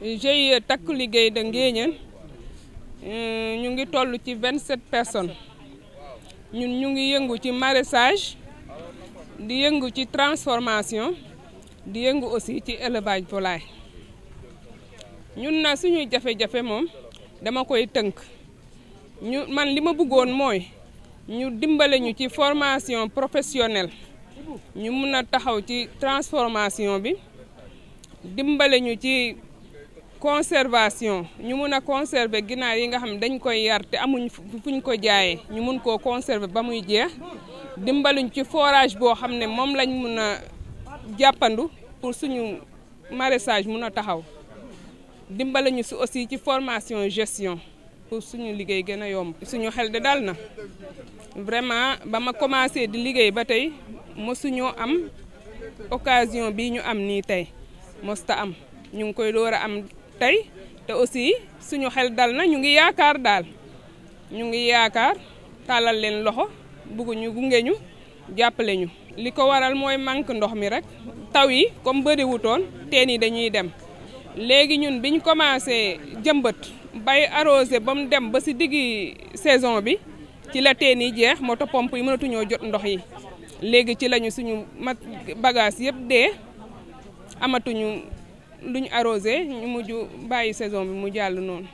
GIE takku liggéey da ngéeña euh, ñu ngi toll ci vingt sept personnes ñun ñu ngi yëngu ci maraîchage di yëngu ci transformation di yëngu aussi ci élevage volaille ñun na suñuy jafe-jafe moom dama koy tënk ñu man li ma buggoon mooy ñu dimbale ñu ci formation professionnelle ñu mun a taxaw ci transformation bi dimbale ñu ci conservation ñu mun a conserver ginaar yi nga xam ne dañ koy yar te amuñ fuñ ko jaayee ñu mun koo conserver ba muy jeex dimbaliñ ci forage boo xam ne moom lañ mun a jàppandu pour suñu maraîchage mun a taxaw dimbaliñu si aussi ci formation gestion pour suñu liggéey gën yomb. suñu xel de dal na vraiment ba ma commencé di liggéey ba tey mosuñoo am occasion bi ñu am nii tey mosta am ñu ngi koy door a am. tey te aussi suñu xel dal na ñu ngi yaakaar daal ñu ngi yaakaar tàllal leen loxo bugg ñu gunge ñu jàppale li ko waral mooy manque ndox mi rek taw yi comme bëriwutoon teen yi dañuy dem léegi ñun biñ commencé jëmbat bay arrosé ba mu dem ba si diggi saison bi ci la teen yi jeex moto pompe yi mënatuñoo jot ndox yi léegi ci lañu suñu mat bagage yëpp dee amatuñu. lu ñu arrosé ñu mujj bàyyi saison bi mu jàll noonu.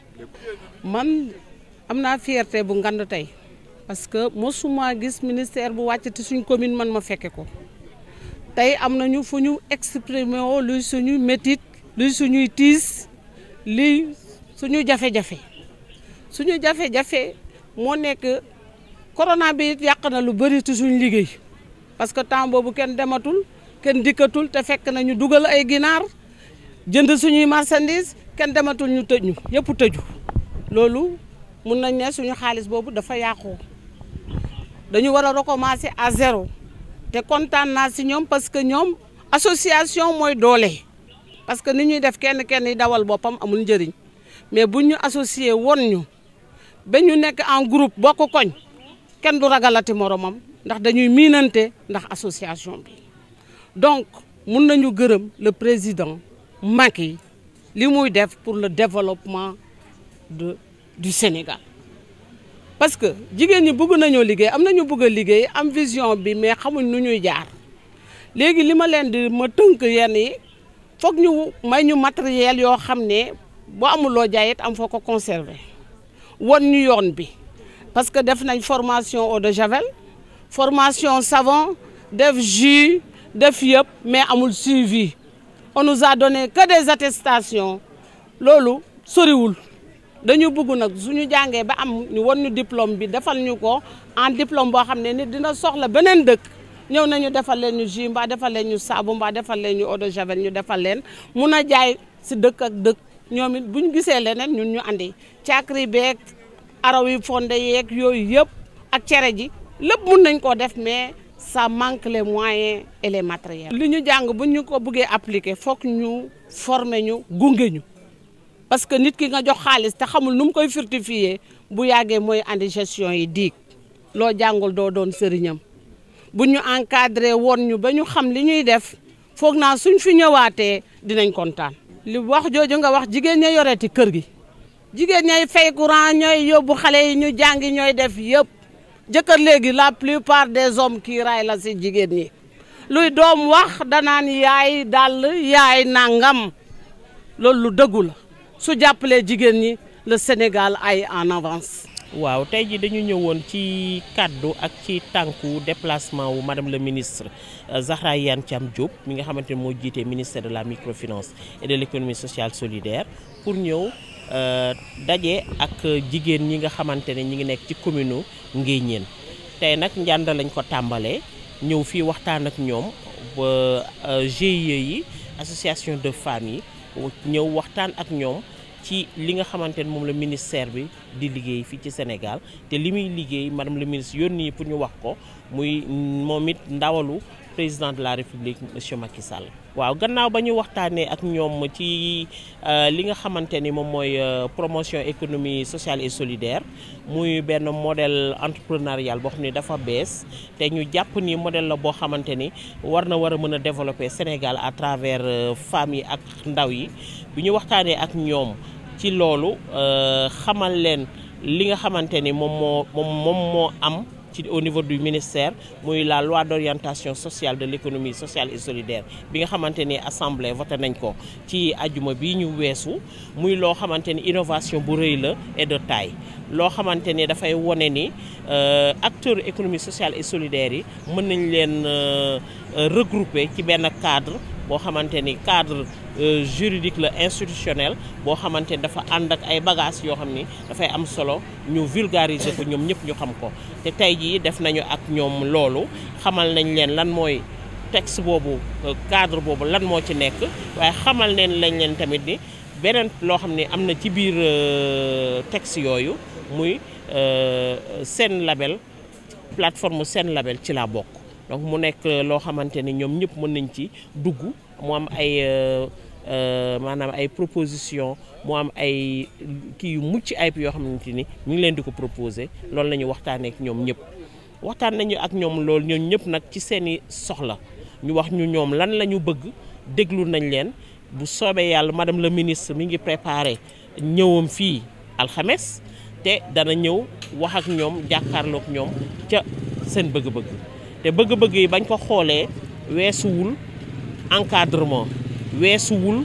man am naa fierté bu ngand tey parce que mosuma gis ministère bu wàcc ci suñ commune man ma fekke ko tey am nañu fu ñu exprimer woo luy suñu métit luy suñuy tiis lii suñu jafe-jafe suñu jafe-jafe moo nekk corona bi it yàq na lu bëri ci suñ liggéey parce que temps boobu kenn dematul kenn dikkatul te fekk nañu dugal ay ginaar. jënd suñuy marchandise kenn dematul ñu tëj ñu yëpp tëju loolu mun nañ ne suñu xaalis boobu dafa yàqu dañu war a recommencer à zéro te kontaan naa si ñoom parce que ñoom association mooy doole parce que ni ñuy def kenn kenn yi dawal boppam amul njëriñ mais buñ ñu associé woon ñu ba ñu nekk en groupe bokk koñ kenn du ragalati moromam ndax dañuy miinante ndax association bi donc mun nañu gërëm le président Macky li muy def pour le développement de du Sénégal parce que jigéen ñi bëgg nañoo liggéey am nañu bugg a liggéey am vision bi mais xamuñ nu ñuy jaar léegi li ma leen di ma tënk yenn yi foog ñu may ñu matériel yoo xam ne boo amuloo jaayit am foo ko conserver won ñu yoon bi parce que def nañ formation eau de javel formation savon def jus def yëpp mais amul suivi on nous donné que des attestations loolu soriwul dañu bëgg nag su ñu jàngee ba am ñu won ñu diplôme bi defal ñu ko en diplôme boo xam ne nit dina soxla beneen dëkk ñëw nañu defal leen ñu jus defal leen ñu saabu mbaa defal leen ñu eau de javel ñu defal leen mun a jaay si dëkk ak dëkk ñoom it ñu gisee leneen ñun ñu andi càkkri beeg araw yi fonde yeeg yooyu yëpp ak cere ji lépp mun nañ koo def mais ça manque les moyens et les matériels. li ñu jàng bu ñu ko buggee appliquer foog ñu former ñu gunge ñu parce que nit ki nga jox xaalis te xamul nu mu koy fructifier bu yàggee mooy andi gestion yi diig loo jàngul doo doon sëriñam bu ñu encadré woon ñu ba ñu xam li ñuy def foog naa suñ fi ñëwaatee dinañ kontaan. li wax jooju nga wax jigéen ña yoreeti kër gi jigéen ñay fay courant ñooy yóbbu xale yi ñu jàngi ñooy def yëpp. jëkkër léegi la plupart des hommes kii la si jigéen ñi luy doom wax danaan yaay dàll yaay nangam loolu lu dëggu la su jàppalee jigéen ñi le Sénégal ay en avance waaw tey ji dañu ñëwoon ci kàddu ak ci tànku déplacement wu madame le ministre euh, Zahra Iyane Thiam Diop mi nga xamante ne moo jiite ministre de la microfinance et de l' sociale solidaire pour ñëw euh, daje ak jigéen ñi nga xamante ne ñi ngi nekk ci commune Nguéniène tey nag njànd lañ ko tàmbalee ñëw fii waxtaan ak ñoom ba euh, GIE yi association de femmes yi ñëw waxtaan ak ñoom ci li nga xamante ne moom la ministère bi di liggéey fii ci Sénégal te li muy liggéey madame le ministre nii pour ñu wax ko muy moom it ndawalu président de la république monsieur Macky Sall. waaw gannaaw ba ñu waxtaanee ak ñoom ci euh, li nga xamante ni moom mooy euh, promotion économie sociale et solidaire muy benn modèle entrepreneurial boo xam ne dafa bees te ñu jàpp ni modèle la boo xamante ni war na war a mën a développer Sénégal à travers euh, femmes yi ak ndaw yi bi ñu waxtaanee ak ñoom. ci loolu euh, xamal leen li nga xamante ni moom moo moom moo am ci au niveau du ministère muy la loi d'orientation sociale de l'économie sociale et solidaire bi nga xamante ni assemblée voté nañ ko ci ajuma bi ñu weesu muy loo xamante ni innovation bu rëy la et de taille loo xamante ni dafay wone ni euh, acteurs économie sociale et solidaire yi mën nañ leen euh, regrouper ci benn cadre boo xamante ni cadre Euh, juridique la institutionnel boo xamante ni dafa ànd ak ay bagages yoo xam ni dafay am solo ñu vulgariser ko ñoom ñëpp ñu xam ko te tey jii def nañu ak ñoom loolu xamal nañ leen lan mooy texte boobu euh, cadre boobu lan moo ci nekk waaye xamal neen lañ leen tamit ni beneen loo xam ni am na ci biir euh, texte yooyu muy seen label plateforme seen label ci la bokk donc mu nekk euh, loo xamante ni ñoom ñëpp mën nañ ci dugg mu am ay euh, euh, maanaam ay proposition mu am ay kii yu mucc ayib yoo xamante ni ñu ngi leen di ko proposé loolu la ñu waxtaanee ñoom ñëpp waxtaan nañu ak ñoom loolu ñoom ñëpp nag ci seeni soxla ñu wax ñu ñoom lan la ñu bëgg déglu nañ leen bu soobee yàlla madame la ministre mi ngi préparé ñëwam fii alxames te dana ñëw wax ak ñoom jàkkaarlook ñoom ca seen bëgg-bëgg te bëgg-bëgg yi bañ ko xoolee weesuwul encadrement weesuwul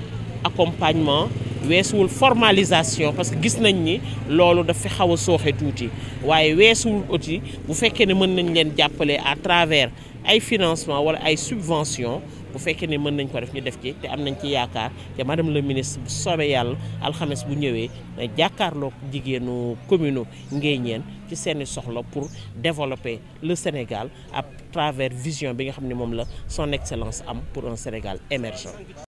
accompagnement weesuwul formalisation parce que gis nañ ni loolu dafa fi xaw a sooxe tuuti waaye weesuwul aussi bu fekkee ne mën nañ leen jàppale à travers ay financement wala ay subvention bu fekkee ne mën nañ ko def ñu def ci te am nañ ci yaakaar te madame le ministre bu soobee yàlla alxames bu ñëwee jàkkaarloog jigéenu commune ñeen ci seeni soxla pour développer le Sénégal à travers vision bi nga xam ne moom la son excellence am pour un Sénégal émergent